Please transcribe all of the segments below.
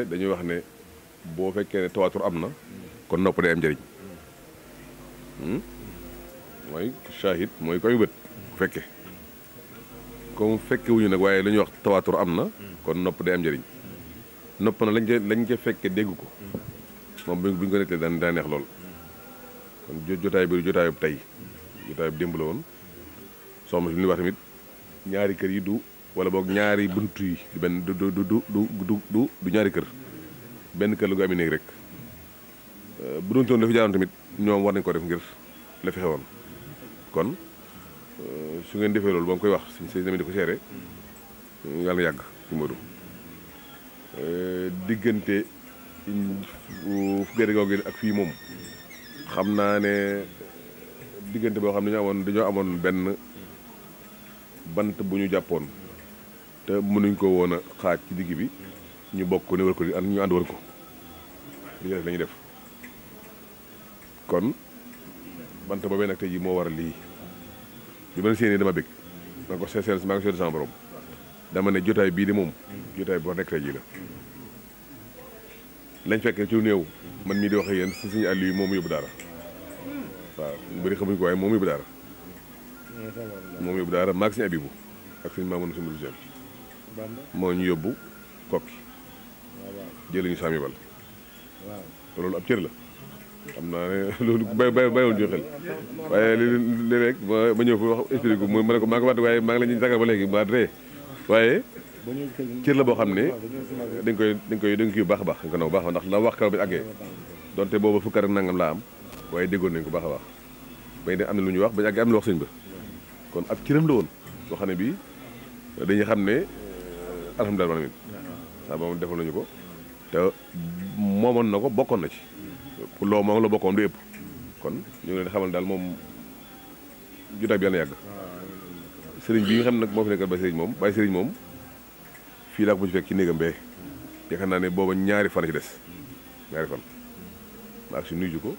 waaye dañuy wax ne boo fekkee ne tawaatur am na kon nopp day am njëriñ hmm? mooy mooy koy bu fekkee comme fekke wuñu nag waaye lu wax tawaatur am na kon nopp day njëriñ nopp na lañ ca lañ ca fekke dégg ko moom bu ñu ko nettee daa neex lool kon jotaay bi jotaayub tey jotaayub démb la woon soxna si li ñuy wax tamit ñaari kër yi du wala boog ñaari bunt yi du benn du du du du du du ñaari kër benn kër la ko amee néeg rek euh, bu doon toon la fi jaaroon tamit ñoom war nañ ko def ngir la fi xewoon kon euh, su ngeen defee loolu ba nga koy wax suñ sëñ tamit di ko seere yàlla na yàgg ci Modou euh, diggante gerte googu ak fii moom xam naa ne diggante boo xam ne dañoo amoon dañoo amoon benn bant bu ñu jàppoon te mënuñ koo woon a xaaj ci digg bi ñu bokk ko ne war ko di ñu ànd war ko li ñu def def kon bant boobee nag tey jii moo war a lii bi ma séenee dama bëgg ma ko seeseel maa ngi seetlu borom dama ne bii de moom jotaay boo nekk tey jii la lañ fekkee ci lu néew man mii di wax ak yéen si suñu àll moom yóbbu daara waaw ñu bëri xamuñ ko waaye moom yóbbu daara moom yóbbu daara maag suñu abibu ak suñu maamoon suñu dugub moo ñu yóbbu kokki jëliñu saami bal te loolu ab cër la xam naa ne loolu bay bay bayoon ñu xel waaye li rek ma ma ñëw fi wax expliqué ko ko maa ngi waaye maa la ñuy sagal ba léegi ma ree waaye cër la boo xam ne dañ koy dañ koy dañ koy baax baax dañ ko baax a ndax la wax kaw bi àggee donte boobu fukk ak nangam laa am waaye déggoon nañ ko baax a baax bay ne am na lu ñu wax bañ àggee am na wax sëñ ba kon ab cëram la woon boo xam ne bii dañuy xam ne alhamdulilah rabbil aalamiin saa moom defal nañu ko te moomoon na ko bokkoon na ci pour loo moom la bokkoon du yëpp kon ñu ngi leen xamal daal moom jotaay bi yàlla na yàgg sëriñ bi nga xam ne nag moo fi moom bay sëriñ moom fii laa ko ci fekk ci néegam bee yaakaar naa ne booba ñaari fan ci des ñaari fan maa si nuyu ko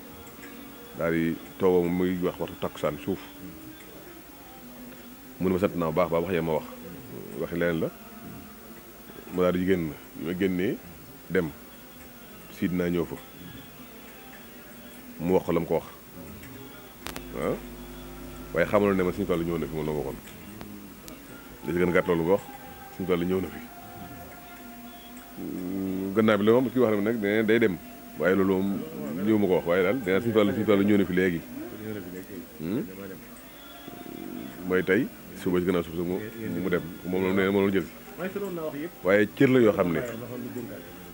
daal di toogam muy wax waxtu takkusaan suuf mun ma sant naa bu baax baax wax yee ma wax waxi leneen la ma daal di génn bi ñëw fa mu wax ko la mu ko wax ah waaye xamaloon ne ma suñu toll ñëw na fi moom la waxoon da ci gën gàtt loolu nga wax suñu toll ñëw na fi gannaaw bi la moom ki wax ne nag nee day dem waaye loolu moom ñëw ma ko wax waaye daal nee naa suñu toll suñu toll ñëw na fi léegi hmm? mooy tey. suba si gannaaw suuf si mu mu dem moom la nee na moom la jël waaye cër la yoo xam ne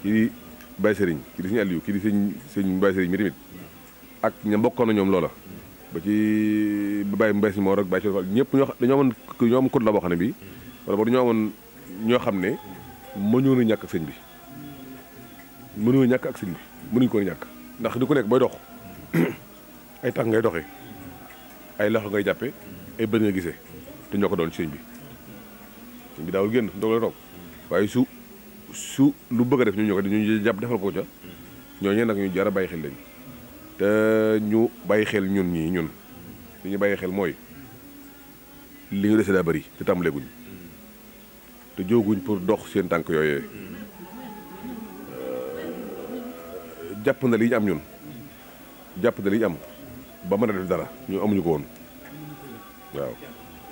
ci Baye Serigne ki sëñ Aliou ki di sëñ sëñ Baye Serigne mi ak ña mbokkoon na ñoom loola ba ci Baye Mbaye si moo rek Baye Serigne ñëpp ñoo dañoo ñoo amoon code la xam ne bii wala amoon ñoo xam ne mënuñu ñàkk ak sëñ bi mënuñu ñàkk ak sëñ bi mënuñu ko ñàkk ndax di ko nekk booy dox ay tànk ngay doxee ay loxo ngay jàppe ay bët nga gisee te ñoo ko doon sëñ bi sëñ bi daawul génn waaye su su lu bëgg a def ñu ñoo ko ñu jàpp defal ko ca ñooñu nag ñu jar a bàyyi xel lañ te ñu bàyyi xel ñun ñii ñun li ñu bàyyi xel mooy li ñu dese daa bëri te tàmbaleeguñ te jóguñ pour dox seen tànk yooyee euh, jàpp na liñ am ñun jàpp na li ñu am ba mën a def dara ñu amuñu ko woon waaw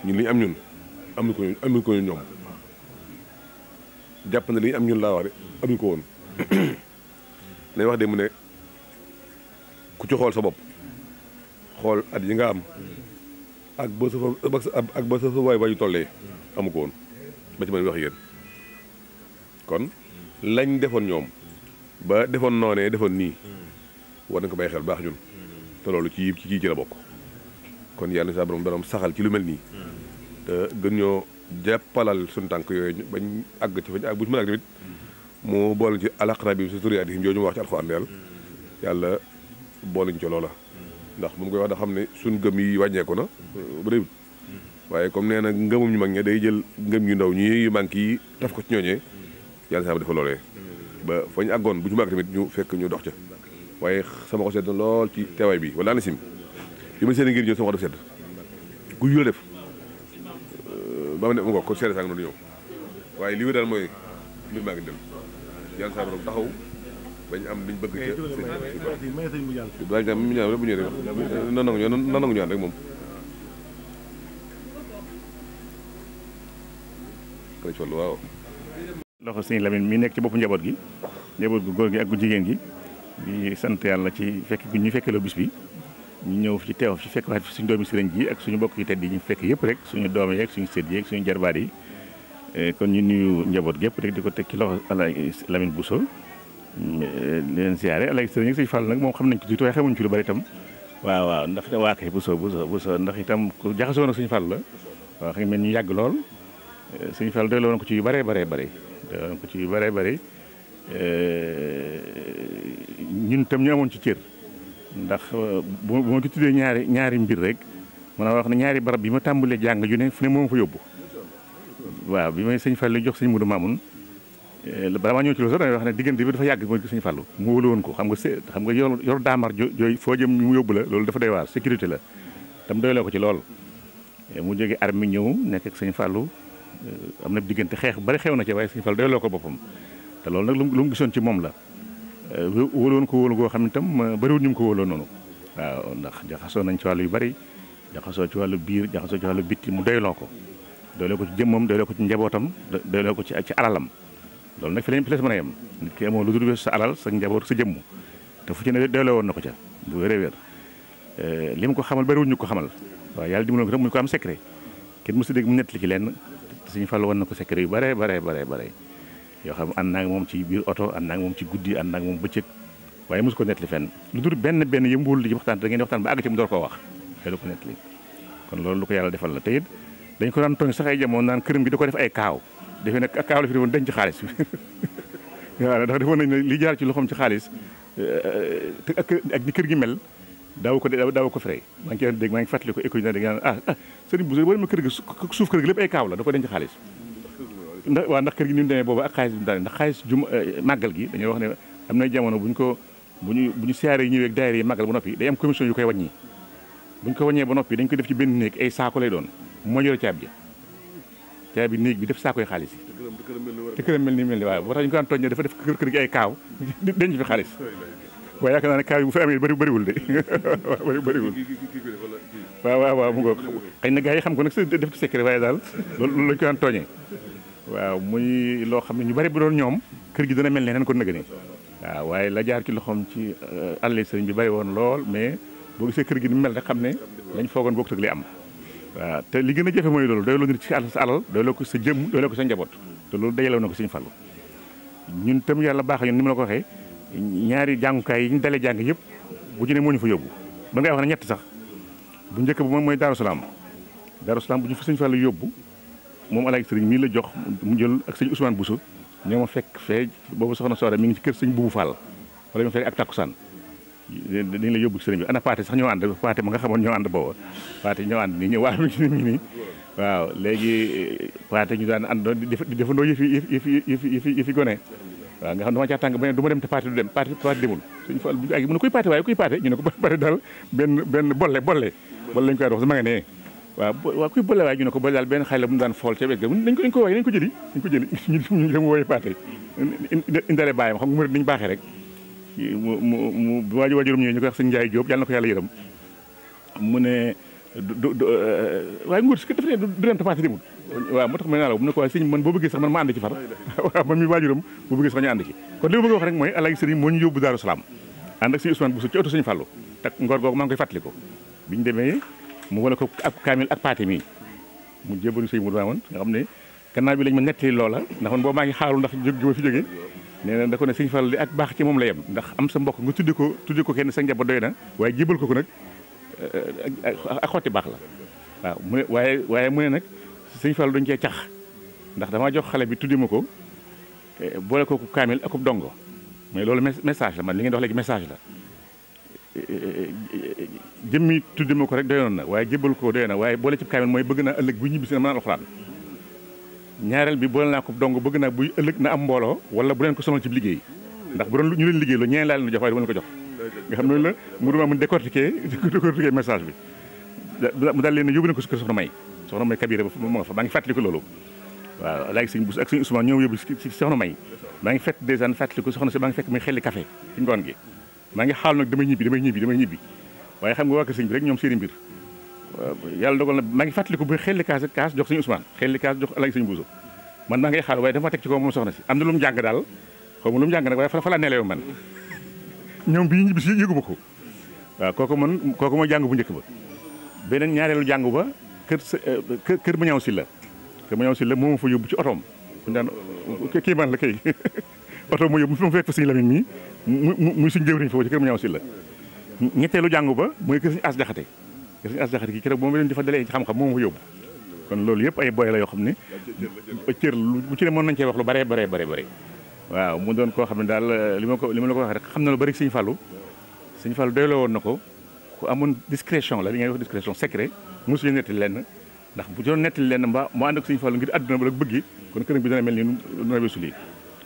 ñun liñ am ñun amuñu ko amuñu ko ñoom jàpp na li am ñun laa wax de amuñu ko woon lay wax de mu ne ku ci xool sa bopp xool at yi nga am ak ba sa ak ba sa waay ba ñu tollee amu ko woon ba ci man wax yéen kon lañ defoon ñoom ba defoon noonee defoon nii wane ko bay xel baax ñun te loolu ci ci kii ci la bokk kon yàlla saa borom borom saxal ci lu mel nii. te gën ñoo jàppalal suñu tànk yooyu bañ àgg ci fañ bu ñu mën ak tamit mu boole ci alaqra bi sa suriyaat yi jooju mu wax ci alxuraan yàlla yàlla booluñ ci loola. ndax bu koy wax da xam ne suñ gëm yi wàññeeku na bëriwul waaye comme nee na ngëmum ñu mag ña day jël ngëm yu ndaw ñi yu manqué yi taf ko ci ñooñee yàlla saa dafa loolee ba fañ àggoon bu ñu mag tamit ñu fekk ñu dox ca waaye sama ko seet na lool ci teewaay bi wala na bi ma seen ngir ñëw sama wax def sedd gu yu def ba ma ne ma ko kon seede saa li wér mooy mbir maa ngi dem yàlla saa am liñ bëgg ca ba ñam mu bu ñëwee rek na nangu ñaan na loxo sëñ Lamine mi nekk ci boppu njaboot gi njaboot gu góor gi ak gu jigéen gi sant yàlla ci fekk gu ñu fekkeloo bis bi ñu ñëw fi teew fi fekk waxet fi suñu doomi sëriñ ji ak suñu bokk yi tedd yi ñu fekk yëpp rek suñu doom yeeg suñu sët yeeg suñu jarbaat yi eh, kon ñu nuyu njaboot gépp rek di ko teg ci loxo Alaay Lamine Bousso mm, di leen siyaare Alaay sëriñ ak sëñ Fall nag moom xam nañ ko tuuti waaye xamuñ ci lu bari itam waaw waaw ndax te waa kay Bousso Bousso Bousso ndax itam ku jaxasoo suñu Fall la waaw ñu yàgg lool eh, suñu Fall doy loon ko ci yu bare bare bare doy yu bare bare eh, ñun tam ñu amoon ci cër ndax euh, bu ma ci tuddee ñaari ñaari mbir rek mën a wax ne ñaari barab bi ma tàmbalee jàng ju ne fu ne moom fa yóbbu waaw bi may sëñ Fallou jox sëñ Moudou Mamoun euh, bala maa ñëw ci loolu sax wax ne diggante bi dafa yàgg mooy sëñ Fallou mu wóolu woon ko xam nga sé xam nga yor yor daamar jooy foo jëm ñu mu yóbbu la loolu dafa doy waar sécurité la tam doyloo ko ci lool euh, mu jógee armée ñëw nekk ak sëñ Fallou am na diggante xeex bari xew na ci waaye sëñ Fallou doyloo ko boppam te loolu nag lu mu gisoon ci moom la wóoloon ko wóolu goo xam ne tam bëriwul ñu mu ko wóoloon noonu waaw ndax jaxasoo nañ ci wàllu yu bëri jaxasoo ci wàllu biir jaxasoo ci wàllu bitti mu doyloo ko doyloo ko ci jëmmam doyloo ko ci njabootam doyloo ko ci ci alalam loolu nag fi lañ fi les a yem nit ki lu sa alal sa njaboot sa jëmm te fu ci ne doyloo woon na ko ca bu wér wér eh, li mu ko xamal bëriwul ñu ko xamal waaw yàlla dimbaloon ko tam muy ko am secret kenn mësu dégg mu nettali ci lenn te suñu fàllu woon na ko secret yu bare bare bare bare yoo xam ànd naa ak moom ci biir oto ànd naa ak moom ci guddi ànd naa moom bëccëg waaye mosu ko nettali fenn lu dul benn benn yëmbuwul di waxtaan da ngeen di waxtaan ba àgg mu door koo wax te du ko nettali kon loolu lu ko yàlla defal la te it dañ ko daan tooñ sax ay jamono naan këram bi da def ay kaaw defe ne kaaw la fi defoon denc xaalis waaw ndax defoon nañ li jaar ci loxoom ci xaalis te eh, eh, ak ak ni kër gi mel daaw ko daaw ko fere maa ngi cee dégg maa ngi fàttali ko école yi ah, ah, kër gi suuf kër gi lépp ay kaaw la da ko denc xaalis ndax waa ndax kër gi ni mu demee boobu ak xaalis bi daal ndax euh, gi dañuy wax ne am na jamono bu ñu ko bu ñu bu ñu siyaare yi ñëwee ak yi màggal ba noppi day am commission yu koy wàññi bu ñu ko wàññee ba noppi dañ ko def ci benn néeg ay saako lay doon moo yor caab ja caab bi néeg bi def saakoy xaalis yi mel ni mel ni waaw boo tax ñu dafa def kër kër gi ay kaaw denc fi xaalis waaye yaakaar naa ne kaaw yi bu fi amee bëri bëriwul de waaw bëriwul waa waaw waaw mu ngoog xëy na gars yi xam ko nag def ci secret waaye daal loolu lañu ko daan tooñee waaw muy loo xam ne ñu bari bi doon ñoom kër gi dana mel ne neen ko nëgë waaw waaye la jaar ci loxoom ci euh, àll sëriñ bi bari woon lool mais boo gisee kër gi ni mel ne xam ne lañ foogoon bokk tëg li am waaw te li gën a jafe mooy loolu doyloo nit ci sa alal doyloo ko sa jëm doyloo ko sa njaboot te loolu dajalew na ko suñu fàllu ñun tam yàlla baax ñun ni ma la ko waxee ñaari jàngukaay yi ñu dalee jàng yëpp bu ci ne moo ñu fa yóbbu ba ngay wax ne ñett sax bu njëkk bu moom mooy Daaru Salaam Daaru Salaam bu ñu fa suñu fàllu yóbbu moom Alaaji Sëriñ mii la jox mu jël ak sëñ Ousmane Bousso ñoo ma fekk fee boobu soxna Soore mi ngi ci kër sëñ Boubou Fall wala ma fekk ak takkusaan dañ la yóbbu sëriñ bi ana Paate sax ñoo ànd Paate ma nga xamoon ñoo ànd booba Paate ñoo ànd nii ñëw waaye mi ngi nii waaw léegi eh, Paate ñu daan àndoo di defandoo yëf yi yëf yi yëf yi yëf yi gone waaw nga xam dama caa tàng ba ne du ma dem te Paate du dem Paate Paate demul sëñ Fall bu ko Paate daal benn benn bolle bolle bolle lañ koy wax ma nga nee waaw waaw kuy bële waay ñu ne ko bële daal benn xale la mu daan fool ca bëgg dañ ko dañ ko wooye jëli dañ ko jëli ñu dem wooye paate indale bàyyam baaxee rek mu mu bi waaju ñu ko wax sëñ Njaay Jóob yàlla na ko yàlla yërëm mu ne du du euh, waaye nguur si dafa ne du dem tapaate demul waaw moo tax ma ne la mu ne ko waaye sëñ man boo bëggee sax man ma ànd ci far waaw man mi waajuram boo bëggee sax ñu ànd ci kon li ma bëgg wax rek mooy alaaji moo ñu yóbbu Daaru Salaam ànd ak sëñ Ousmane Bousso ci oto sëñ Fallou tak ngor googu maa demee mu wala ko ak kaamil ak paate mii mu jébalu sëñ mu daawoon nga xam ne gannaaw bi lañ ma nettali loola ndax man boobu maa ngi xaarul ndax jóg gi ma fi jóge nee na da ko ne sëñ Fall li ak baax ci moom la yem ndax am sa mbokk nga tuddi ko tuddi ko kenn sa njaboot doy na waaye jébal ko ko nag eh, eh, ak xotti baax la waaw mu ne waaye waaye mu ne nag sëñ Fall dañ cee cax ndax damaa jox xale bi tuddi ma ko eh, boole ko kaamil akub dongo mais loolu message la man li ngeen wax léegi message la jëmmi tudde ma ko rek doyoon na waaye jébbal ko doyoon na waaye boole ci kaamil mooy bëgg naa ëllëg bu ñibbisi na mën a alxuraan ñaareel bi boole naa ko dong bëgg naa buy ëllëg na am mbooloo wala bu leen ko sonal ci liggéey ndax bu doon lu ñeneen laa leen la mu duma mun décortiquer décortiquer message bi mu daal leen yóbbu na ko si kër soxna may soxna may kabiré ba ma nga fa maa ngi fàttaliku loolu waaw laaj sëñ ak sëñ Ousmane ñoo yóbbu soxna may maa ngi fett dèjà fàttaliku soxna si maa ngi fekk muy xelli café ci ngoon gi maa ngi xaal nag damay ñibbi damay ñibbi damay ñibbi waaye xam nga waa kër sëñ bi rek ñoom seeni mbir yàlla dogal na maa ngi fàttaliku bu xelli kaas kaas jox sëñ Ousmane xelli kaas jox alaaj sëñ Bousso man maa ngay xaal waaye dafa ma teg ci kaw moom soxna si am na lu mu jàng daal xaw ma lu mu jàng ñoom bi ñibbi si yëguma ko waaw kooku man kooku mooy jàng bu njëkk ba beneen ñaareelu jàngu ba kër kër ma ñaaw si la kër ma ñaaw si la moom fa yóbbu ci otoom daan kii man la kay oto mu yóbbu mu fekk fa sëñ mu suñ jëwriñ foofu ci kër mu ñaaw si la ñetteelu jàngu ba mooy kër as jaxate kër suñu as jaxate kii keroog moom leen dalee ci moom fa yóbbu kon loolu yëpp ay boy la yoo xam ne cër bu ci ne mën nañ cee wax lu bare bare bare bare waaw mu doon koo xam ne daal li ma ko li ma la ko wax rek xam na lu bari sëñ Fallou sëñ Fallou doyloo woon na ko ku amoon discrétion la li ngay wax discrétion secret mosuñu nettali lenn ndax bu doon nettali lenn mbaa mu ànd ak sëñ Fallou ngir àdduna ba la bëggi kon këram bi dana mel ni nu rawe su lii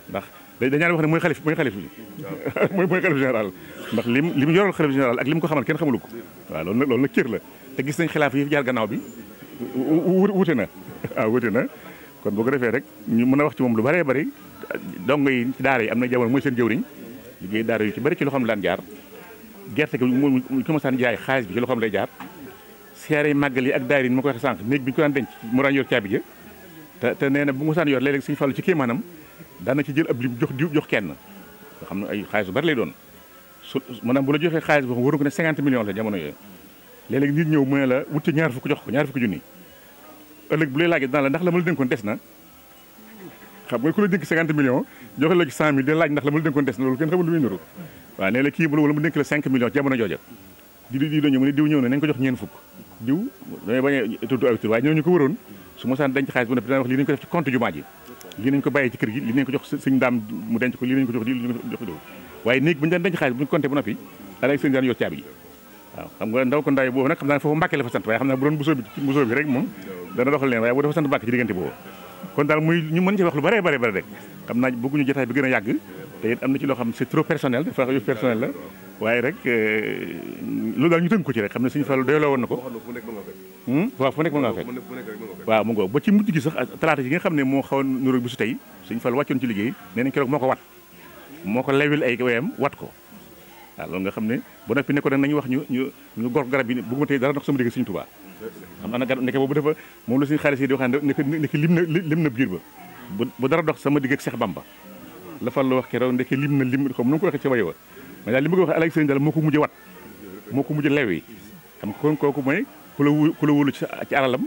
ndax dañaan wax ne mooy xalif mooy xalif bi mooy mooy xalif général ndax lim li mu yoral xalif général ak li mu ko xamal kenn xamulu ko waaw loolu nag loolu la gis nañ xilaaf yi jaar gannaaw bi wute na waaw na boo ko defee rek ñu mën a wax ci moom lu bëree bëri dongo yi yi am na jamono mooy seen jëwriñ liggéey daara ci bëri ci loxoom daan jaar gerte gi mu commencé jaay xaalis bi ci loxoom lay jaar siyaare màggal yi ak daara yi ma ko waxee sànq néeg bi ñu ko daan denc mu daan yor caabi ja te te nee na bu ma saan yor léeg-léeg suñu fàllu ci kii daana ci jël ab lim jox diw jox kenn nga xam ne ay xaalis bu bari lay doon su maanaam bu la joxee xaalis boo xam waru ko ne 50 millions la jamono yooyu léeg nit ñëw mu ne la wut ci ñaar fukk jox ko ñaar fukki junni ëllëg la na la dénk la ci 100 mille dina laaj ndax la ma la na loolu kenn xamul lu muy niru waaw jamono jooja di di di dañu mu ne diw ñëw na nañ ko jox ñeen fukk diw a ji lii nañ ko bàyyee ci kër gi lii nañ ko jox sëñ daam mu denc ko lii nañ ko jox lii nañ ko jox doo waaye néeg bu ñu daan denc xaalis bu ñu compté bu noppi xam naa bu doon busoo rek moom dana doxal leen waaye bu dafa sant mbàkke ci diggante boobu kon daal muy ñu mën ci wax lu bare bare bare rek xam naa bëgguñu jotaay bi gën a yàgg te it am na ci loo xam c'est trop personnel dafa yu personnel la waaye rek euh, loolu daal ñu tënk ko ci xam ne suñu fàllu doy la woon na ko Hmm? waaw fu nga fekk waaw mu ngoo ba ci mujj gi sax talaata yi nga xam ne moo xaw a nuróog bisu tey suñ fal wàccoon ci liggéey nee nañ keroog moo ko wat moo ko lewil ay ko waaw nga xam ne ba noppi ne ko nag nañu wax ñu ñu ñu gor garab bi ne bëgguma tey dara ndox sama dégg suñu tubaa xam ana garab nekk boobu dafa la suñu xaalis yi di waxaan nekk lim na lim na biir ba bu dara dox sama la fal lu wax keroog ndeke lim na lim xam nu mu ko waxee ca waye wa mais daal li ma ko wax alaaj sëriñ daal moo ko mujj wat moo ko mujj lew xam kooku mooy ku la wu ku la wóolu ci ci alalam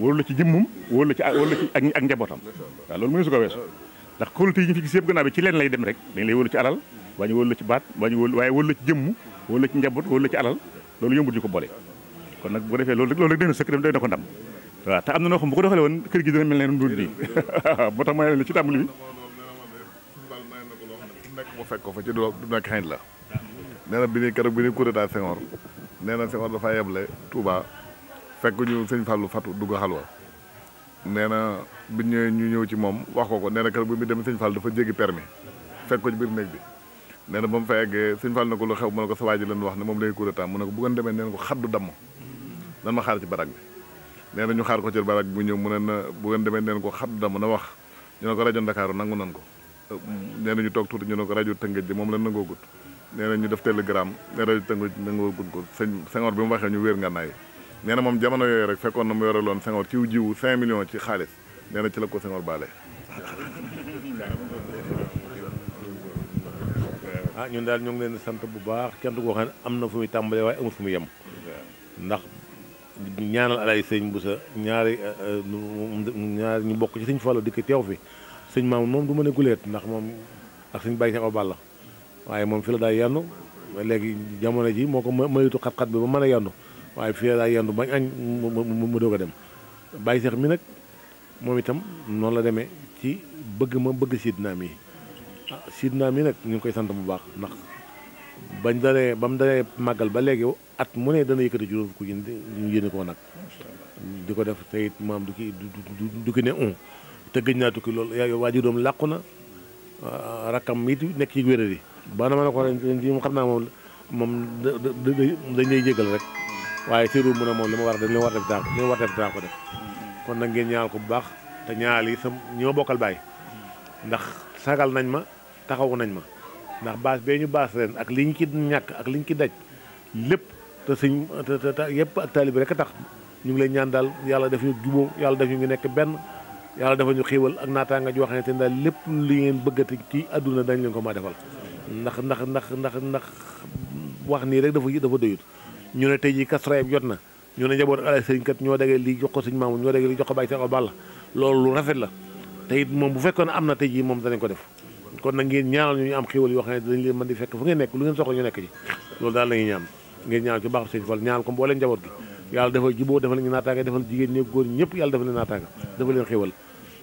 wóolu la ci jëmmum wóolu la ci wóolu la ci ak njabootam waaw loolu mooy su ko weesu ndax kóolute yi ñu fi gis yëpp gannaaw bi ci leen lay dem rek dañ lay lu ci alal waa ñu wóolu la ci baat waa ñu wóolu waaye wóolu la ci jëmm wóolu la ci njaboot wóolu la ci alal loolu yombut ñu ko boole kon nag bu defee loolu rek loolu rek dana sëkk dem doy na ko ndam waaw te am na noo xam bu ko doxalee woon kër gi dina mel ne nu dul nii moo tax may la ci tàmbali bi bu fekk ko fa ci du nekk xañ la nee bi ñuy keroog bi ñuy coup d'état Senghor nee na Senghor dafa yeble Touba fekk ñu sëñ Fallou fatu dugg xalwa nee na bi ñëwee ñu ñëw ci moom wax ko ko nee na kër bu mu dem sëñ Fallou dafa jéggi permis fekk ko ci biir néeg bi nee na ba mu fa eggee sëñ Fallou ne ko lu xew mu ko sa waa ji leen wax ne moom lay coup de temps mu ne ko bu ngeen demee nee na ko xaddu damm ñu xaar ko ci barak bi mu ñëw mu ne na bu ngeen demee nee na ko xaddu damm na wax ñu ne rajo Ndakaaru nangu nan ko nee na ñu toog tuuti ñu ne ko rajo Tëngéej di moom la nangoo gut nee na ñu def télégramme ne rajo Tëngéej nangoo gut ko sëñ Senghor bi mu waxee ñu wéer nga naay nee na moom jamono yooyu rek fekkoon na mu yore loon Senghor ciw jiwu 5 millions ci xaalis nee na ci la ko Senghor baale. ah ñun daal ñoo ngi leen sant bu baax cant goo xam ne am na fu muy tàmbalee waaye amul fu muy yem ndax ñaanal alay sëñ bu sa ñaari eh, eh, ñaari ñu bokk ci sëñ Fallou dikk teew fi sëñ maam moom du ma ne guleet ndax moom ak sëñ bàyyi seen abal la waaye moom fi la daay yandu léegi jamono ji moo ko mayutu xat-xat bi ba mën a yandu waaye fii daa yendu bañ añ mu doog a dem bàyyi seex mi nag moom itam noonu la demee ci bëgg ma bëgg sidna mi ah sidna mi nag ñu ngi koy sant bu baax ndax bañ danee ba mu màggal ba léegi at mu ne dana yëkkati juróom ku ko nag ko def te it maam du ki du ki ne on te gëj naa tukki loolu yaa waa ji doom làqu na rakkam it nekk ci wéra yi baana ma ne ko ren ji moom xam naa moom moom dañ lay jégal rek waaye teewul mu na moom li ma war a def li ma war a def dinaa ko li def kon nag ngeen ñaanal ko bu baax te ñaanal yi sam ñi ma bokkal bàyyi ndax sagal nañ ma taxawu nañ ma ndax baas bee ñu baas ren ak li ñu ci ñàkk ak li ñu ci daj lépp te sëñ te yëpp ak taalibe rek a tax ñu ngi leen ñaan daal yàlla def ñu jubóo yàlla def ñu ngi nekk benn yàlla dafa ñu ak naataanga joo xamante ne daal lépp li ngeen bëggati ci àdduna dañ leen ko ma defal ndax ndax ndax ndax ndax wax nii rek dafa dafa doyut ñu ne tey jii kas rayab jot na ñu ne njaboot alay sëriñ ñoo dagee lii jox ko sëñ maamu ñoo dagee lii jox ko bàyyi seen balla loolu lu rafet la te moom bu fekkoon am na tey jii moom danañ ko def kon nag ngeen ñaanal ñu ñu am xéwal yoo ne dañ leen mën di fekk nekk lu ngeen soxla ñu nekk ci la ñuy ñaan ngeen ñaanal ci baax sëñ Fall naataanga dafa leen xéwal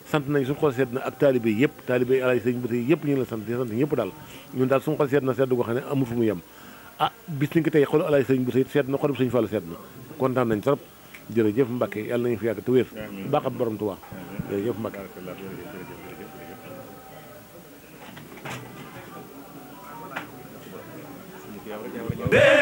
sant nañ suñu xol sedd na ak taalibe yëpp taalibe alay sëriñ bu tey yëpp ñu ngi la sant di sant ñëpp daal ñun daal suñu xol sedd na sedd goo xam ne amul fu mu yem ah bis ni ko sëñ bu sëy seet na xolu sëñ Fallu seet na kontaan nañ trop jërëjëf Mbacke yàlla nañu fi yàgg te wér baax ab borom Tuubaa jërëjëf Mbacke Bee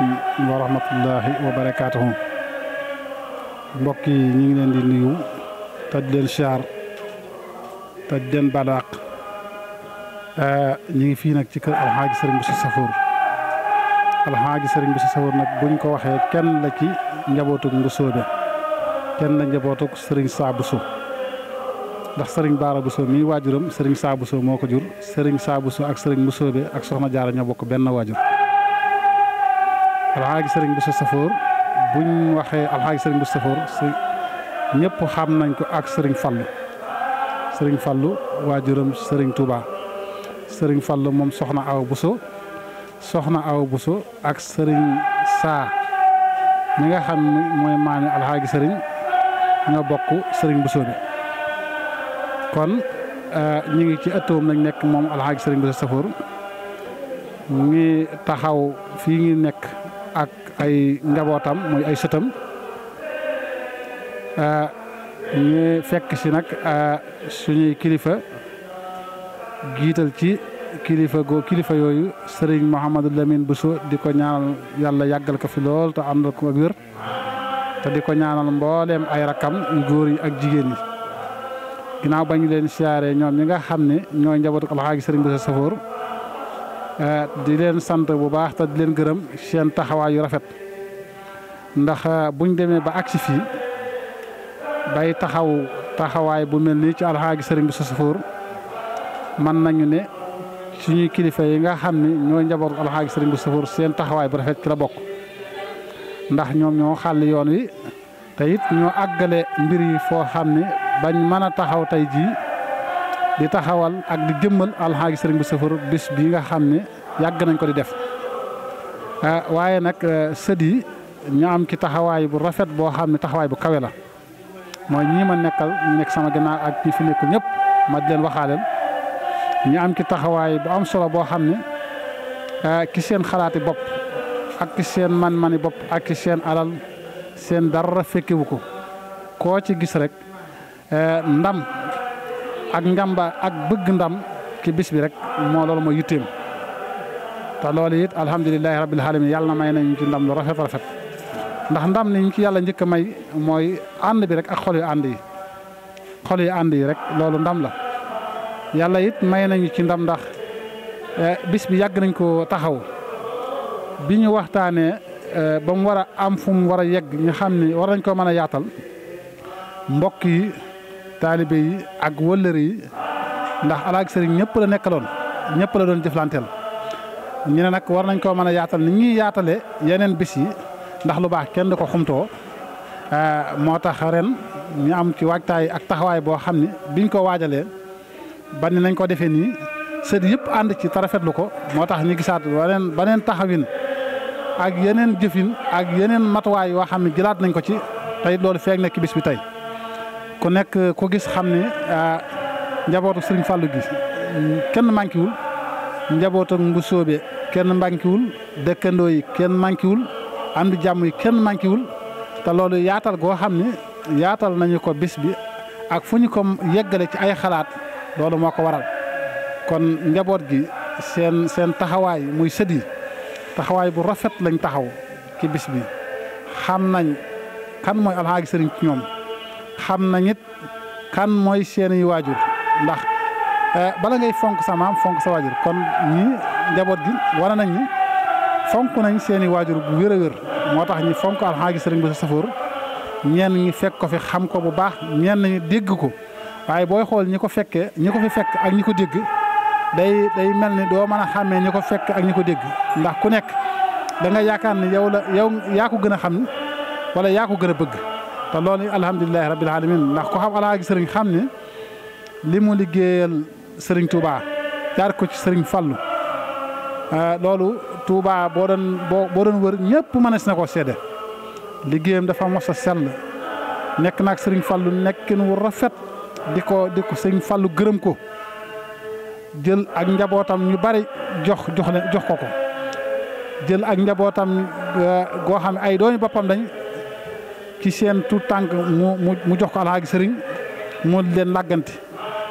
aleykum wa rahmatullahi wa barakaatuhu mbokk yi ñu ngi leen di nuyu taj leen siyaar taj leen balaaq ñu ngi fii nag ci kër alxaaji sëriñ Bousso Safour alxaaji sëriñ Bousso Safour nag buñ ko waxee kenn la ci njabootug Mbusoobe kenn la njabootug sëriñ Saa Bousso ndax sëriñ Baara Bousso mi waajuram sëriñ saabu Bousso moo ko jur sëriñ saabu Bousso ak sëriñ Mbusoobe ak soxna Jaara ñoo bokk benn waajur alxaaji sëriñ bu Bousso Safoor buñ waxee alxaaji sëriñ Bousso Safoor ñëpp xam nañ ko ak sëriñ Fallu sëriñ Fallu waajuram sëriñ Touba sëriñ Fallu moom soxna Awa Bousso soxna Awa Bousso ak sëriñ Saa mi nga xam ne mooy maami alxaaji sëriñ ñoo bokk sëriñ Bousso bi kon eh, ñu ngi ci ëttoom nañ nekk moom alxaaji sëriñ Bousso Safoor ngi taxaw fii ngi nekk ay njabootam muy ay sëtam ah, ñu fekk si nag ah, suñuy kilifa giital ci kilifa goo kilifa yooyu Serigne Mouhamadou Lamine Bousso di ko ñaanal yàlla yàggal ko fi lool te àndal ko ak wér te di ko ñaanal mbooleem ay rakkam yu góor yi ak jigéen yi ginnaaw ba ñu leen siyaaree ñoom ñi nga xam ne ñooy njabootu alxaaji Serigne Bousso Safoor Eh, di leen sant bu baax ta di leen gërëm seen taxawaayu rafet ndax eh, buñ demee ba ci fii bay taxaw taxawaay bu mel nii ci alxaagi sëriñ bi Sassafour man nañu ne suñuy kilifa yi nga xam ni ñooy njabootu alxaagi sëriñ bi Sassafour seen taxawaay bu rafet ci la bokk ndax ñoom ñoo xàll yoon wi te it ñoo àggale mbir yi foo xam ni bañ mën a taxaw tey jii di taxawal ak di jëmmal alxaaji sëriñ bu safaru bis bi nga xam ne yàgg nañ ko di def ah, waaye nag euh, sët yi am ci taxawaay bu rafet boo xam ne taxawaay bu kawe la mooy ñii ma nekkal ñu nekk sama gannaaw ak ñi fi nekk ñëpp ma di leen waxaaleel ñu am ci taxawaay bu am solo boo xam ne ki euh, seen xalaati bopp ak ki seen man-mani bopp ak ki seen alal seen dara fekkewu ko koo ci gis rek euh, ndam ak ngamba ak bëgg ndam ki bis bi rek moo loolu mooy yitteem te loolu it alhamdulilahi rabbil alamin yàlla na may nañu ci ndam lu rafet rafet ndax ndam li ñu ci yàlla njëkk may mooy ànd bi rek ak xol yu ànd yi xol yu ànd yi rek loolu ndam la yàlla it may nañu ci ndam ndax eh, bis bi yàgg nañ ko taxaw bi ñu waxtaanee eh, ba mu war a am fu mu war a yegg ñu xam ne war nañ koo mën a yaatal mbokk yi taalibe yi ak wëllëre yi ndax alaak sëriñ ñëpp la nekkaloon ñëpp la doon jëflanteel ñu ne nag war nañ koo mën a yaatal ni ñuy yaatale yeneen bis yi ndax lu baax kenn du ko xumtoo euh, moo tax ren ñu am ci waajtaay ak taxawaay boo xam ni biñ ko waajalee ba ni nañ ko defee nii sët yëpp ànd ci tarafetlu ko moo tax ñu gisaat waneen baneen win ak yeneen jëfin ak yeneen matuwaay yoo xam ne jëlaat nañ ko ci tey loolu feeg nekk bis bi tey ku nekk ku gis xam ne ah, njabootu Serigne Fallou gi kenn manquéwul njabootu Mbusoobe kenn manquéwul dëkkandoo yi kenn manquéwul andu jàmm yi kenn manquéwul te loolu yaatal goo xam ne yaatal nañu ko bis bi ak fu ñu ko yeggale ci ay xalaat loolu moo ko waral kon njaboot gi seen seen taxawaay muy sët taxawaay bu rafet lañ taxaw ci bis bi xam nañ kan mooy alxaagi sëriñ ci ñoom xam nañ kan mooy seeni waajur ndax eh, bala ngay fonk sa maam fonk sa waajur kon ñii njaboot gi wane nañ ni fonk nañ seeni waajur bu wér a wér moo tax ñi fonk alxaaji sëriñ bi sa safoor ñenn ñi fekk ko fi xam ko bu baax ñenn ñi dégg ko waaye booy xool ñi ko fekkee ñi ko fi fekk ak ñi ko dégg day day mel ni doo mën a xàmmee ñi ko fekk ak ñi ko dégg ndax ku nekk da yaakaar ni yow la yow yaa ko gën a xam wala yaa ko gën a bëgg. te loolu alhamdulilahi rabbil alamin ndax ko xam alaaji sëriñ xam ne li mu liggéeyal sëriñ Touba jaar ko ci sëriñ Fallu ah, loolu Touba boo doon boo doon wër ñëpp mën na ko seede liggéeyam dafa mos a sell nekk naag sëriñ Fallu nekkin wu rafet di ko di ko sëriñ Fallu gërëm ko jël ak njabootam ñu bari jox jox jox ko ko jël ak njabootam ah, goo xam ne ay doomi boppam dañ ci seen tout tànk mu mu jox ko alxaaji sëriñ mu leen làggante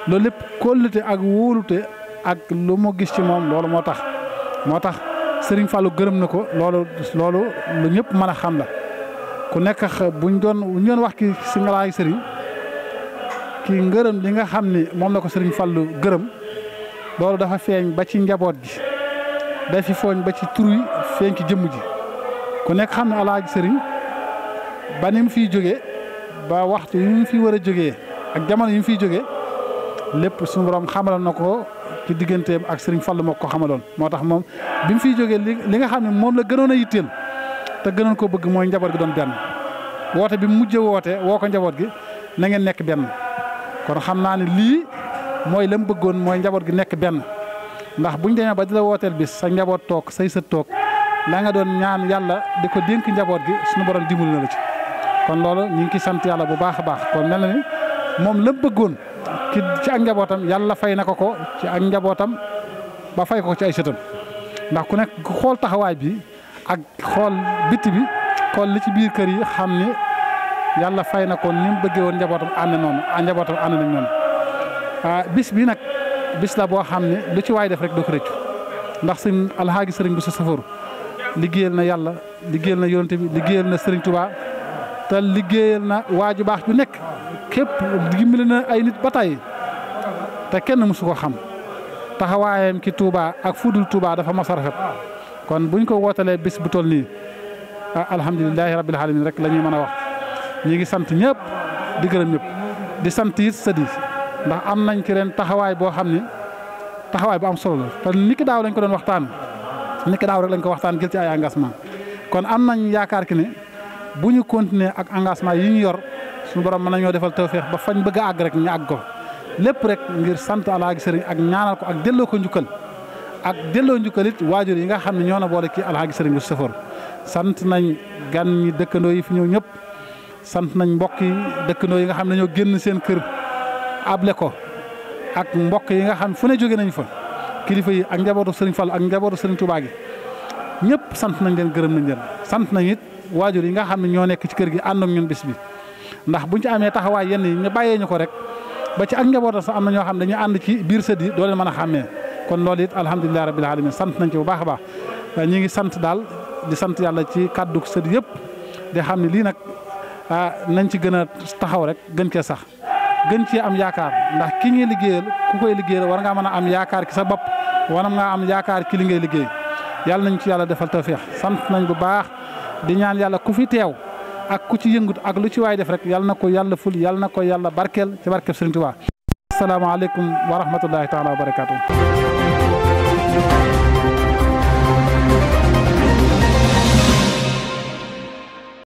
loo lépp kóllute ak wóolute ak lu mu gis ci moom loolu moo tax moo tax sëriñ Fallou gërëm na ko loolu loolu lu ñëpp mën a xam la ku nekk buñ doon buñ doon wax ki si ngalaayu sëriñ kii ngërëm li nga xam ni moom la ko sëriñ Fallou gërëm loolu dafa feeñ ba ci njaboot gi day fi fooñ ba ci tur yi feeñ ci jëmm ji ku nekk xam ne alaaji sëriñ ba ni mu ba waxtu yi mu fi war a jóge ak jamono yi mu fiy jógee lépp suñu borom xamaloon na ko ci digganteem ak Serigne Fallou moo ko xamaloon moo tax moom bi mu fiy jógee li nga xam ne moom la gënoon a yitteel te gënoon koo bëgg mooy njaboot gi doon benn woote bi mujjee woote woo ko njaboot gi na ngeen nekk benn kon xam naa ne lii mooy la bëggoon mooy njaboot gi nekk benn ndax buñ demee ba di la wooteel bis sa njaboot toog say sët toog la nga doon ñaan yàlla di ko dénk njaboot gi suñu borom dimbali na la ci. kon loolu ñu ngi sant yàlla bu baax a baax kon mel na moom la bëggoon ci ci ak njabootam yàlla fay na ko ko ci ak njabootam ba fay ko ci ay sëtam ndax ku nekk xool taxawaay bi ak xool bitti bi kon li ci biir kër yi xam ni yàlla fay na ko ni bëggee woon njabootam ànd noonu njabootam ànd nañ noonu ah, bis bii nag bis la boo xam ne lu ci waay def rek doo ko ndax si alxaaji sëriñ bu sa safaru liggéeyal na yàlla liggéeyal na yonent bi liggéeyal na sëriñ te liggéeyal na waa ju baax ju nekk képp dimbali na ay nit ba tey te kenn mësu ko xam taxawaayam ki tuubaa ak fudul Touba dafa mas a rafet kon buñ ko wootalee bis bu toll nii ah, alhamdulilahi rabbil alamin rek lañuy ñuy mën a wax ñi ngi sant ñëpp di gërëm ñëpp di sant it sët ndax am nañ ci ren taxawaay boo xam ni taxawaay bu am solo la te ni daaw lañ ko doon waxtaan ni ki daaw rek lañ ko waxtaan jël ci ay engagement kon am nañ yaakaar bu ñu continuer ak engagement yi ñu yor suñu borom mën nañoo defal te feex ba fañ bëgg a àgg rek ñu àgg ko lépp rek ngir sant alaaji sëriñ ak ñaanal ko ak delloo ko njukkal ak delloo njukkal it waajur yi nga xam ne ñoo na boole kii alaaji sëriñ bu sëfar sant nañ gan ñi dëkkandoo yi fi ñëw ñëpp sant nañ mbokk yi dëkkandoo yi nga xam ne ñoo génn seen kër able ko ak mbokk yi nga xam fu ne jóge nañ fa kilifa yi ak njabootu sëriñ Fall ak njabootu sëriñ Touba gi ñëpp sant nañ leen gërëm nañ leen sant nañ it waajur yi nga xam ne ñoo nekk ci kër gi ànd ak ñun bis bi ndax buñ ci amee taxawaay yenn yi ñu bàyyee ñu ko rek ba ci ak njabootam sax am na ñoo xam ne dañu ànd ci biir sët yi doo mën a xàmmee kon loolu it alhamdulilah rabbil alamin sant nañ ci bu baax a baax ñi ngi sant daal di sant yàlla ci kàddu sët yëpp di xam ne lii nag ah, nañ ci gën a taxaw rek gën kee sax gën cee am yaakaar ndax ki ñuy liggéeyal ku koy liggéeyal war ngaa mën a am yaakaar sa bopp war ngaa am yaakaar ki li ngay liggéey yàlla nañ ci yàlla defal tawféex sant nañ bu baax di ñaan yàlla ku fi teew ak ku ci yëngut ak lu ci waay def rek yàlla na ko yàlla ful yàlla na ko yàlla barkeel ci barkeel Sëriñ Tuubaa asalaamaaleykum wa rahmatullahi taala wa barakaatu.